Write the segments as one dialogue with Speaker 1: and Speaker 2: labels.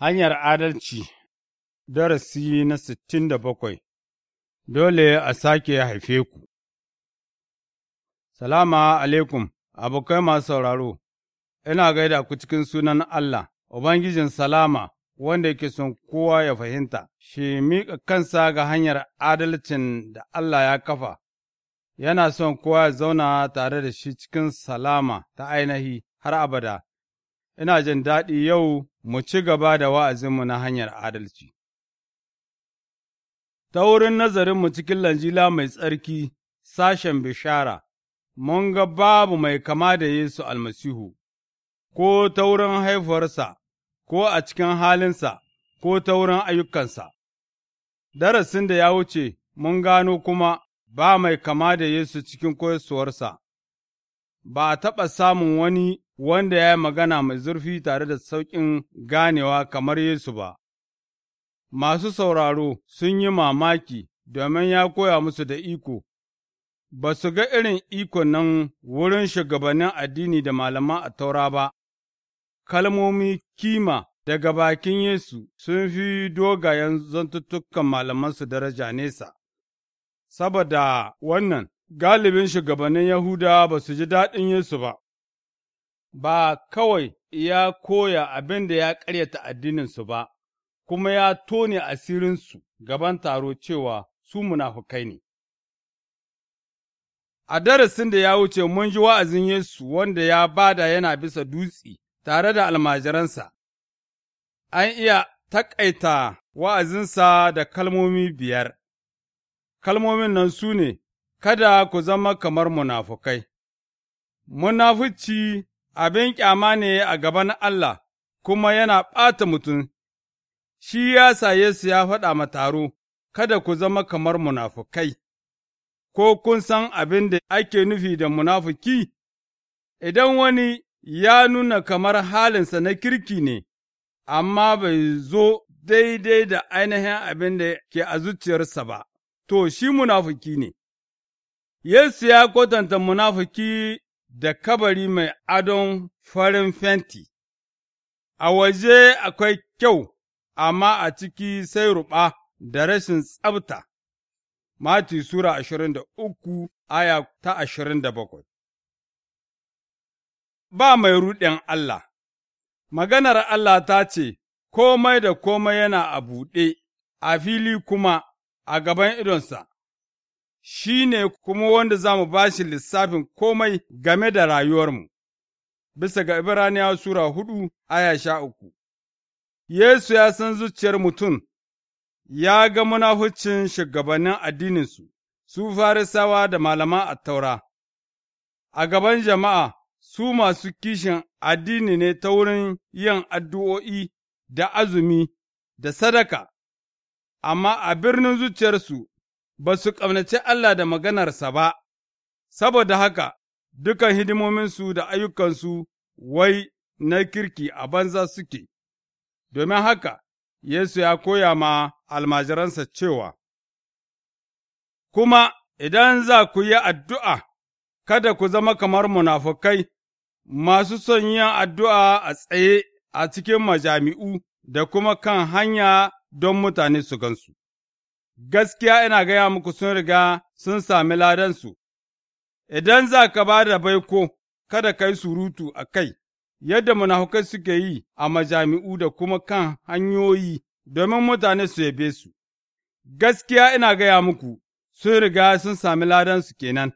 Speaker 1: Hanyar adalci Darasi na sittin da bakwai Dole a sake haife ku Salama alaikum, abokai masu sauraro, ina gaida ku cikin sunan Allah, Ubangijin Salama, wanda yake son kowa ya fahimta, shi miƙa kansa ga hanyar adalcin da Allah ya kafa, yana son kowa ya zauna tare da shi cikin salama ta ainihi har abada. Ina jin daɗi yau mu ci gaba da wa'azinmu na hanyar adalci. Ta wurin nazarinmu cikin Lanjila mai tsarki, sashen bishara, mun ga babu mai kama da Yesu almasihu, ko ta wurin haifuwarsa, ko a cikin halinsa, ko ta wurin ayyukansa. Darasin da ya wuce, mun gano kuma ba mai kama da Yesu cikin koyarwarsa, ba a taɓa samun wani wanda ya yi magana mai zurfi tare da sauƙin ganewa kamar Yesu ba. Masu sauraro sun yi mamaki domin ya koya musu da iko, ba su ga irin iko nan wurin shugabannin addini da malaman a taura ba, kalmomi kima daga bakin Yesu sun fi dogayen zantuttukan malamansu daraja nesa. Saboda wannan, galibin shugabannin Yahuda ba su ji daɗin Yesu ba. ba kawai ya koya abin da ya ƙaryata addininsu ba, kuma ya tone asirinsu gaban taro cewa su munafukai ne. A darasin da ya wuce mun ji wa'azin Yesu wanda ya bada yana bisa dutsi tare da almajiransa, an iya taƙaita wa'azinsa da kalmomi biyar, kalmomin nan su ne, Kada ku zama kamar munafukai. Munafuci abin ƙyama ne a gaban Allah, kuma yana ɓata mutum, shi ya sa Yesu ya faɗa ma taro, kada ku zama kamar munafukai, ko kun san abin da ake nufi da munafuki, idan wani ya nuna kamar halinsa na kirki ne, amma bai zo daidai da ainihin abin da ke a zuciyarsa ba, to, shi munafuki ne. Yesu ya kwatanta munafuki da kabari mai adon farin fenti, a waje akwai kyau, amma a ciki sai ruɓa da rashin tsabta. Mati Sura ashirin da uku aya ta ashirin da bakwai Ba mai ruɗin Allah Maganar Allah ta ce, Komai da komai yana a buɗe, a fili kuma a gaban idonsa, shi ne kuma wanda za mu ba shi lissafin komai game da rayuwarmu, bisa ga Ibraniya Sura hudu aya sha uku. Yesu ya san zuciyar mutum, ya ga munafucin shugabannin addininsu, su farisawa da malama a taura. a gaban jama'a su masu kishin addini ne ta wurin yin addu'o'i da azumi da sadaka, amma a birnin zuciyarsu ba su ƙaunaci Allah da maganarsa ba, saboda haka dukan hidimominsu da ayyukansu wai na kirki a banza suke, domin haka Yesu ya koya ma almajiransa cewa, Kuma idan za ku yi addu'a, kada ku zama kamar munafukai, masu son yin addu'a a tsaye a cikin majami'u da kuma kan hanya don mutane su gansu. gaskiya ina gaya muku sun riga sun sami ladansu, idan za ka ba da baiko, kada ka yi surutu a kai, yadda munafukai suke yi a majami'u da kuma kan hanyoyi domin mutane su yabe su, gaskiya ina gaya muku sun riga sun sami ladansu kenan.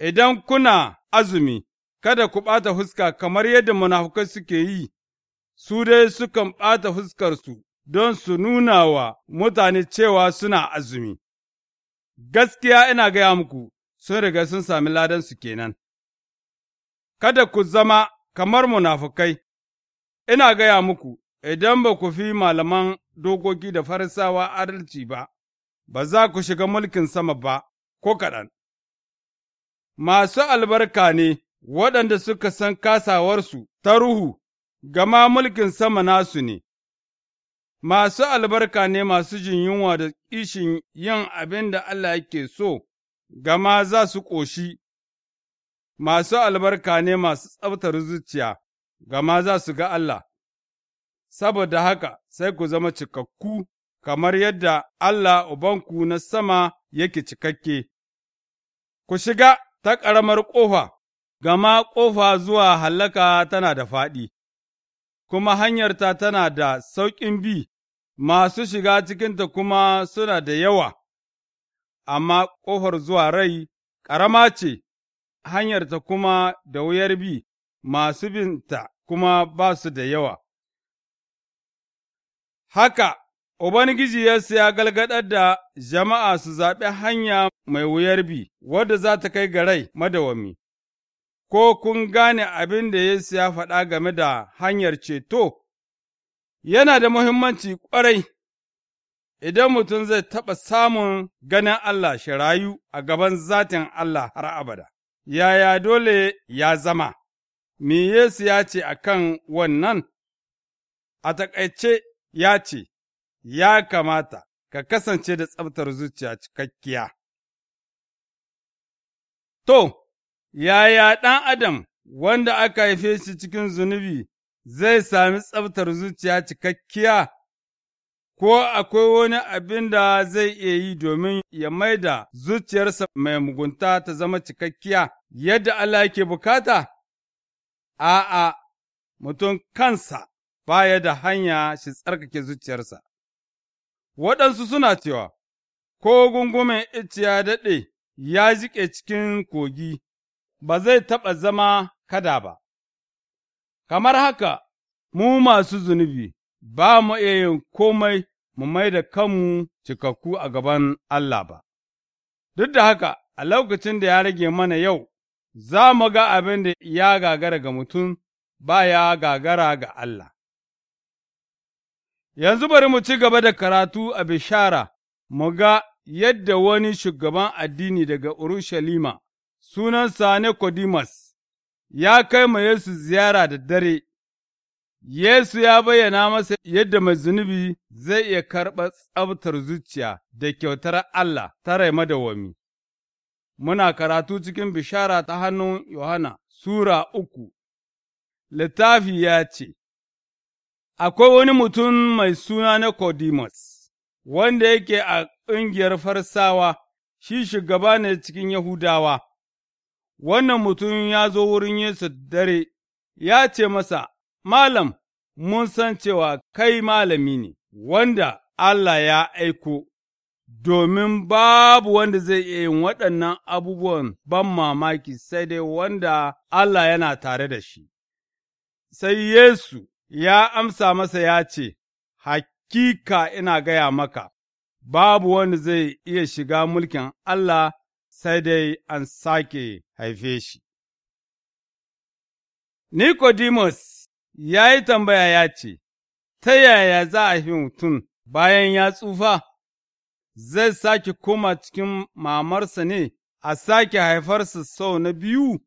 Speaker 1: Idan kuna azumi, kada ku ɓata fuska kamar yadda munafukai suke yi, su dai sukan ɓata fuskarsu don su nuna wa mutane cewa suna azumi. Gaskiya ina gaya muku, sun riga sun sami ladansu kenan. Kada ku zama kamar munafukai, ina gaya muku, idan ba ku fi malaman dokoki da farisawa adalci ba, ba za ku shiga mulkin sama ba, ko kaɗan. Masu albarka ne waɗanda suka san kasawarsu ta ruhu, gama mulkin sama nasu ne. Masu albarka ne masu jin yunwa da kishin yin abin da Allah yake so, gama za su ƙoshi, masu albarka ne masu tsabtar zuciya, gama za su ga Allah, saboda haka sai ku zama cikakku kamar yadda Allah Ubanku na sama yake cikakke, ku shiga ta ƙaramar ƙofa, gama ƙofa zuwa hallaka tana da faɗi. kuma hanyarta tana da sauƙin bi, masu shiga cikinta kuma suna da yawa, amma ƙofar zuwa rai ƙarama ce, hanyarta kuma da wuyar bi, masu binta kuma ba su da yawa. Haka, Ubangiji Yesu ya galgadar da jama'a su zaɓi hanya mai wuyar bi, wadda za ta kai ga rai madawami. ko kun gane abin da Yesu ya faɗa game da hanyar ceto, yana da muhimmanci ƙwarai, idan mutum zai taɓa samun ganin Allah shi rayu a gaban zatin Allah har abada, yaya dole ya zama, me Yesu ya ce a kan wannan? A taƙaice ya ce, Ya kamata ka kasance da tsabtar zuciya cikakkiya. To, yaya ɗan adam wanda aka haife shi cikin zunubi zai sami tsabtar zuciya cikakkiya, ko akwai wani abin da zai iya yi domin ya maida zuciyarsa mai mugunta ta zama cikakkiya yadda Allah ke bukata? A'a, mutum kansa baya da hanya shi tsarkake zuciyarsa. Waɗansu suna cewa, Ko gungumen iciya daɗe ya jiƙe cikin kogi, ba zai taɓa zama kada ba. Kamar haka, mu masu zunubi ba mu iya yin komai mu mai da kanmu cikakku a gaban Allah ba. Duk da haka, a lokacin da ya rage mana yau, za mu ga abin da ya gagara ga mutum ba ya gagara ga Allah. Yanzu bari mu ci gaba da karatu a bishara, mu ga yadda wani shugaban addini daga Urushalima sunansa Kodimas ya kai ma Yesu ziyara da dare, Yesu ya bayyana masa yadda mai zunubi zai iya karɓa tsabtar zuciya da kyautar Allah ta rai madawami. Muna karatu cikin bishara ta hannun Yohana Sura uku, littafi ya ce, Akwai wani mutum mai suna na Kodimas. wanda yake a ƙungiyar farsawa, shi shugaba ne cikin Yahudawa. wannan mutum ya zo wurin Yesu dare, ya ce masa, Malam, mun san cewa kai malami ne, wanda Allah ya aiko, domin babu wanda zai iya yin waɗannan abubuwan ban mamaki sai dai wanda Allah yana tare da shi. Sai Yesu ya amsa masa ya ce, Hakika ina gaya maka, babu wanda zai iya shiga mulkin Allah sai dai an sake haife shi. Nicodemus ya yi tambaya ya ce, Ta yaya za a fi mutum bayan ya tsufa, zai sake koma cikin mamarsa ne a sake haifarsa sau na biyu?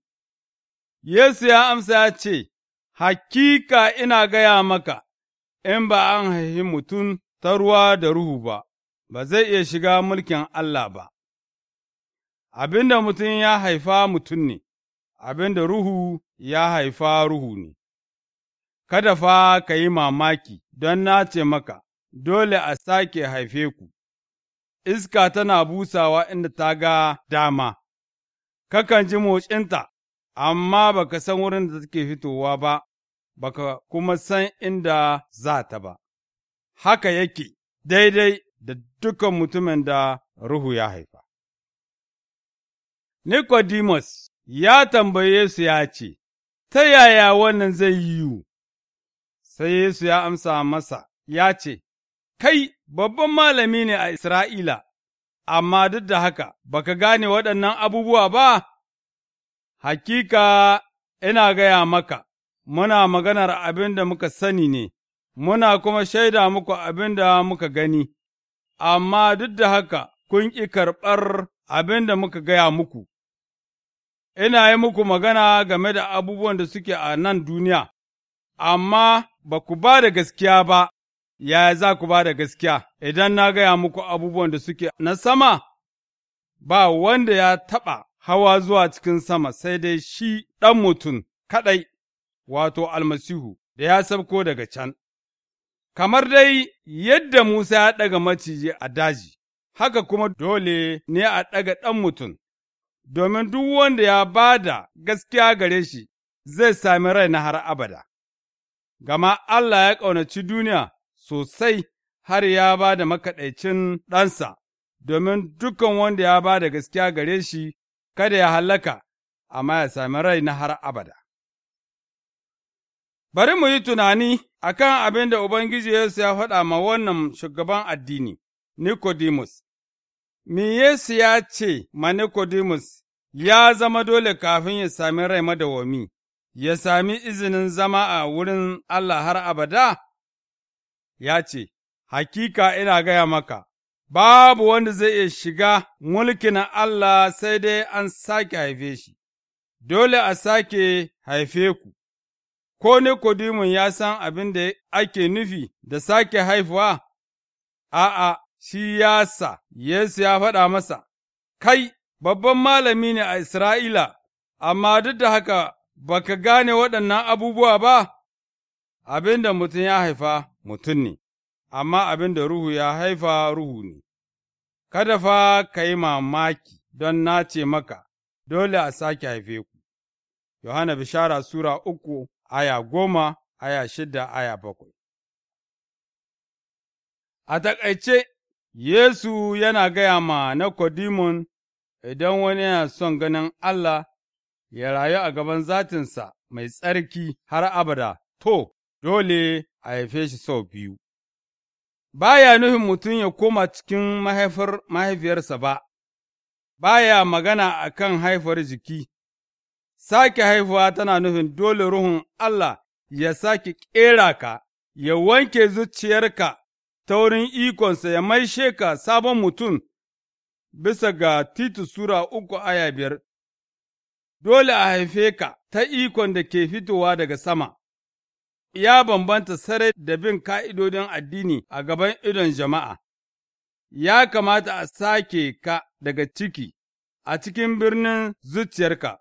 Speaker 1: Yesu ya amsa ya ce, Hakika ina gaya maka, in ba an haifi mutum ta ruwa da ruhu ba, ba zai iya shiga mulkin Allah ba. abin da mutum ya haifa mutum ne, abin da ruhu ya haifa ruhu ne. Kada fa ka yi mamaki don na ce maka, dole a sake haife ku, iska tana busawa inda ta ga dama, kakan ji motsinta, amma baka san wurin da take fitowa ba, baka kuma san inda za ta ba. Haka yake daidai da dukan mutumin da ruhu ya haifa. Nicodemus ya tambaye su ya ce, Ta yaya wannan zai yiwu? Sai Yesu ya amsa masa ya ce, Kai, babban malami ne a Isra'ila, amma duk da haka baka gane waɗannan abubuwa ba, hakika ina gaya maka, muna maganar abin da muka sani ne, muna kuma shaida muku abin da muka gani, amma duk da haka kun ƙi karɓar abin da muka gaya muku. ina yi muku magana game da abubuwan da suke a nan duniya, amma ba ku ba da gaskiya ba, yaya za ku ba da gaskiya idan na gaya muku abubuwan da suke na sama, ba wanda ya taɓa hawa zuwa cikin sama sai dai shi ɗan mutum kaɗai, wato almasihu da ya sabko daga can. Kamar dai yadda Musa ya ɗaga maciji a daji, haka kuma dole ne a ɗaga ɗan mutum. domin duk wanda ya ba da gaskiya gare shi zai sami rai na har abada. Gama Allah ya ƙaunaci duniya sosai har ya ba da makaɗaicin ɗansa, domin dukan wanda ya ba da gaskiya gare shi kada ya hallaka, amma ya sami rai na har abada. Bari mu yi tunani a kan abin da Ubangiji Yesu ya faɗa ma wannan shugaban addini, Nicodemus. Me Yesu ya ce ma Nicodemus ya zama dole kafin ya sami rai madawwami, ya sami izinin zama a wurin Allah har abada? Ya ce, Hakika ina gaya maka, babu wanda zai iya shiga mulkin Allah sai dai an sake haife shi, dole a sake haife ku. Ko Nikodimun ya san abin da ake nufi da sake haifuwa? A'a, shi yasa, Yesu ya faɗa masa, Kai, babban malami ne a Isra'ila, amma duk da haka ba ka gane waɗannan abubuwa ba, abin da mutum ya haifa mutum ne, amma abin da Ruhu ya haifa Ruhu ne, kada fa ka yi mamaki don na ce maka, dole a sake haife ku. Yohana Bishara Sura uku, aya goma, aya shida, aya bakwai. A taƙaice, Yesu yana gaya ma na Kodimon idan wani yana son ganin Allah ya rayu a gaban zatinsa mai tsarki har abada, to, dole a haife shi sau biyu. Baya nufin mutum ya koma cikin mahaifar mahaifiyarsa ba, baya magana a kan haifar jiki, sake haifuwa tana nufin dole Ruhun Allah ya sake ƙera ka, ya wanke zuciyarka ta wurin ikonsa ya maishe ka sabon mutum bisa ga Titus Sura uku aya biyar, dole a haife ka ta ikon da ke fitowa daga sama, ya bambanta sarai da bin ka'idodin addini a gaban idon jama'a, ya kamata a sake ka daga ciki a cikin birnin zuciyarka,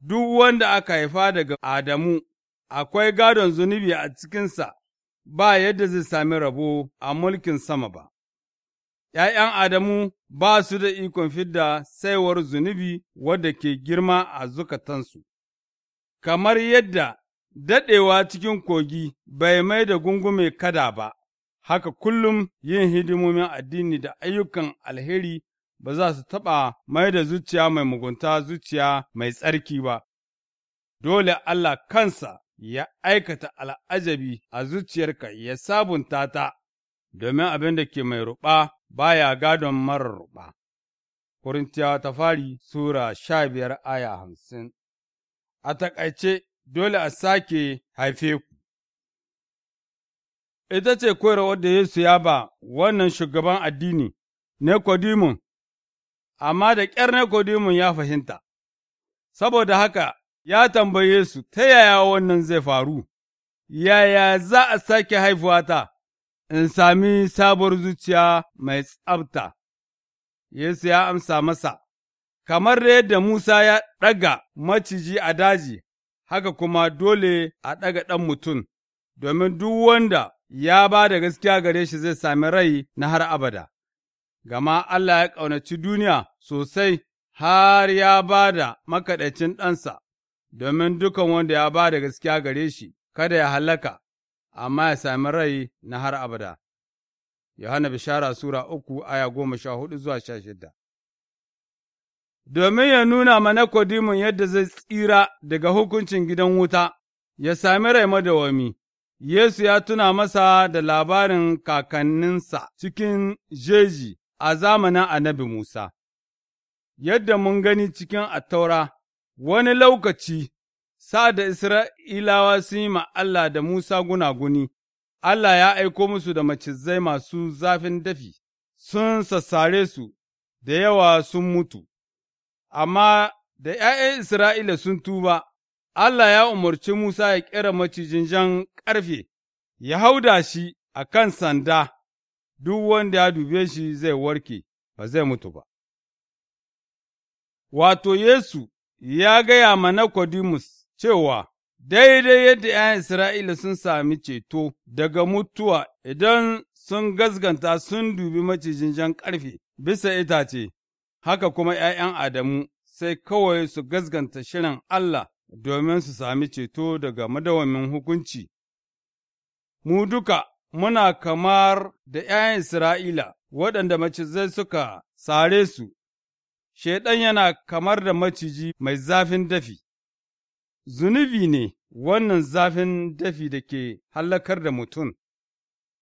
Speaker 1: duk wanda aka haifa daga Adamu, akwai gadon zunubi a cikinsa, ba yadda zai sami rabo a mulkin sama ba. ’ya'yan Adamu ba su da ikon fidda saiwar zunubi wadda ke girma a zukatansu, kamar yadda daɗewa cikin kogi bai mai da gungume kada ba, haka kullum yin hidimomin addini da ayyukan alheri ba za su taɓa mai da zuciya mai mugunta zuciya mai tsarki ba, dole Allah kansa ya aikata al'ajabi a zuciyarka ya sabunta ta, domin abin da ke mai ruɓa baya gadon marar ruɓa. Korintiyawa ta fari Sura sha biyar aya hamsin A taƙaice, dole a sake haife ku. Ita ce koyarwar da Yesu ya ba wannan shugaban addini, Nekodimun, amma da ƙyar Nekodimun ya fahimta, saboda haka ya tambaye su ta yaya wannan zai faru, yaya za a sake haifuwa ta? in sami sabuwar zuciya mai tsabta. Yesu ya amsa masa, Kamar da yadda Musa ya ɗaga maciji a daji, haka kuma dole a ɗaga ɗan mutum, domin duk wanda ya ba da gaskiya gare shi zai sami rai na har abada. Gama Allah ya ƙaunaci duniya sosai har ya ba da makaɗacin ɗansa, domin dukan wanda ya ba da gaskiya gare shi, kada ya halaka, amma ya sami rai na har abada. Yohana Bishara Sura uku aya goma sha hudu zuwa sha shida Domin ya nuna mana Kodimun yadda zai tsira daga hukuncin gidan wuta, ya sami rai madawami, Yesu ya tuna masa da labarin kakanninsa cikin jeji a zamanin annabi Musa. Yadda mun gani cikin attaura, wani lokaci sa'ad da Isra'ilawa sun yi ma Allah da Musa gunaguni, Allah ya aiko musu da macizai masu zafin dafi, sun sassare su, da yawa sun mutu, amma da ’ya'yan Isra'ila sun tuba, Allah ya umarci Musa ya ƙira macijin jan ƙarfe, ya hau da shi a kan sanda, duk wanda ya dube shi zai warke, ba zai mutu ba. Wato Yesu ya gaya ma na Kodimus. cewa daidai yadda ’ya'yan Isra'ila sun sami ceto daga mutuwa idan sun gazganta sun dubi macijin jan ƙarfe bisa itace, haka kuma ’ya'yan Adamu sai kawai su gazganta shirin Allah domin su sami ceto daga madawamin hukunci. Mu duka muna kamar da ’ya'yan Isra'ila waɗanda macizai suka sare su, Shaiɗan yana kamar da maciji mai zafin dafi. zunubi ne wannan zafin dafi da ke hallakar da mutum,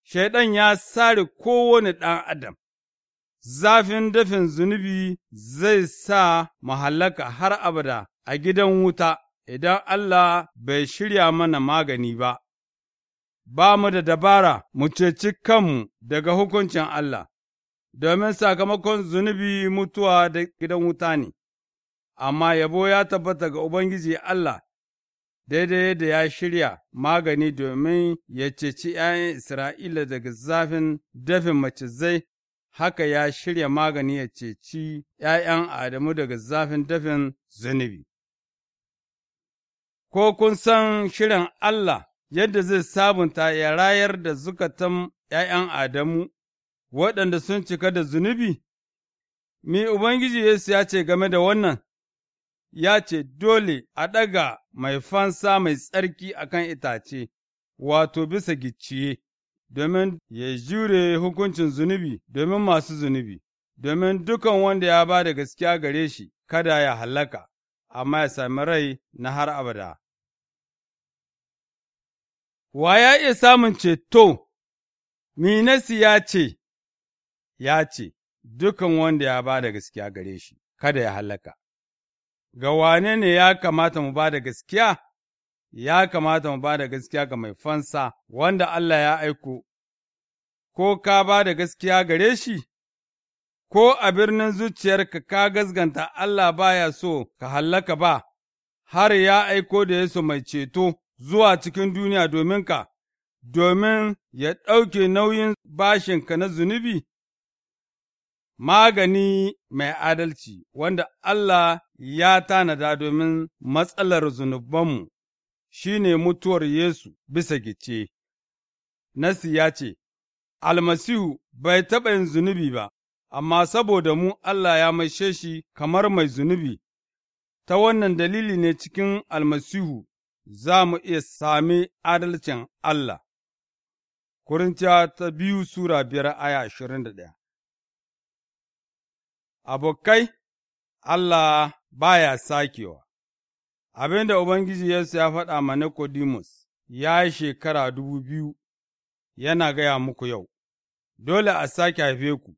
Speaker 1: Shaiɗan ya sare kowane ɗan adam, zafin dafin zunubi zai sa mahallaka har abada a gidan wuta idan Allah bai shirya mana magani ba, ba mu da dabara mu ceci kanmu daga hukuncin Allah, domin sakamakon zunubi mutuwa da gidan wuta ne. amma yabo ya tabbata ga Ubangiji Allah daidai yadda ya shirya magani domin ya ceci ’ya'yan Isra'ila daga zafin dafin macizai, haka ya shirya magani ya ceci ’ya'yan Adamu daga zafin dafin zunubi. Ko kun san shirin Allah yadda zai sabunta ya rayar da zukatan ’ya'yan Adamu waɗanda sun cika da zunubi? Me Ubangiji Yesu ya ce game da wannan? ya ce dole a ɗaga mai fansa mai tsarki a kan itace, wato bisa gicciye, domin ya jure hukuncin zunubi domin masu zunubi, domin dukan wanda ya ba da gaskiya gare shi kada ya hallaka, amma ya sami rai na har abada. Wa ya iya samun ceto, Minasi ya ce, ya ce, dukan wanda ya ba da gaskiya gare shi, kada ya hallaka. ga wane ne ya kamata mu ba da gaskiya? Ya kamata mu ba da gaskiya ga mai fansa wanda Allah ya aiko, ko ka ba da gaskiya gare shi, ko a birnin zuciyarka ka gasganta Allah baya so ka hallaka ba, har ya aiko da Yesu mai ceto zuwa cikin duniya domin ka, domin ya ɗauke nauyin bashinka na zunubi. magani mai adalci wanda Allah ya tanada domin matsalar zunubanmu shi ne mutuwar Yesu bisa gice. Nasi ya ce, Almasihu bai taɓa yin zunubi ba, amma saboda mu Allah ya maishe shi kamar mai zunubi, ta wannan dalili ne cikin almasihu za mu iya sami adalcin Allah. Kurinciya ta biyu Sura biyar aya ashirin da ɗaya Abokai, Allah baya sakewa. Abin da Ubangiji Yesu ya faɗa ma Nicodemus ya yi shekara dubu biyu yana gaya muku yau, dole a sake haife ku,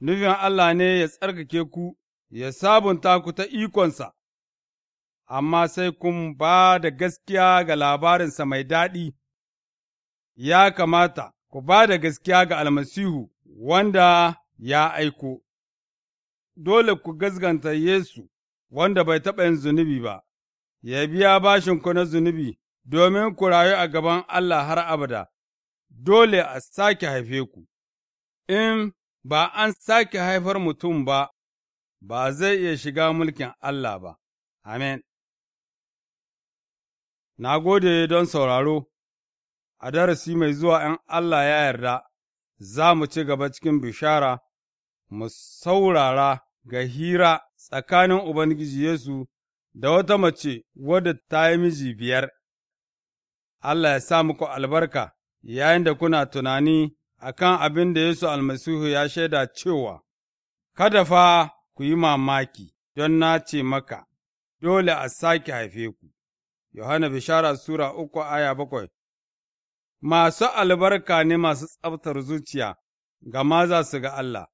Speaker 1: nufin Allah ne ya tsarkake ku, ya sabunta ku ta ikonsa, amma sai kun ba da gaskiya ga labarinsa mai daɗi, ya kamata ku ba da gaskiya ga almasihu wanda ya aiko. dole ku gaskanta Yesu, wanda bai taɓa yin zunubi ba, ya biya bashinku na zunubi domin ku rayu a gaban Allah har abada, dole a sake haife ku, in ba an sake haifar mutum ba, ba zai iya shiga mulkin Allah ba, Amen. Na gode don sauraro, a darasi mai zuwa ’yan Allah ya yarda, za mu ci gaba cikin bishara. mu saurara ga hira tsakanin Ubangiji Yesu da wata mace wadda ta yi miji biyar. Allah ya sa muku albarka yayin da kuna tunani a kan abin da Yesu almasihu ya shaida cewa, Kada fa ku yi mamaki don na ce maka, dole a sake haife ku. Yohana Bishara Sura uku aya bakwai Masu albarka ne masu tsabtar zuciya, gama za su ga Allah.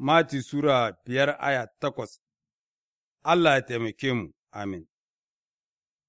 Speaker 1: Mati Sura biyar aya takwas, Allah ya taimake mu, amin.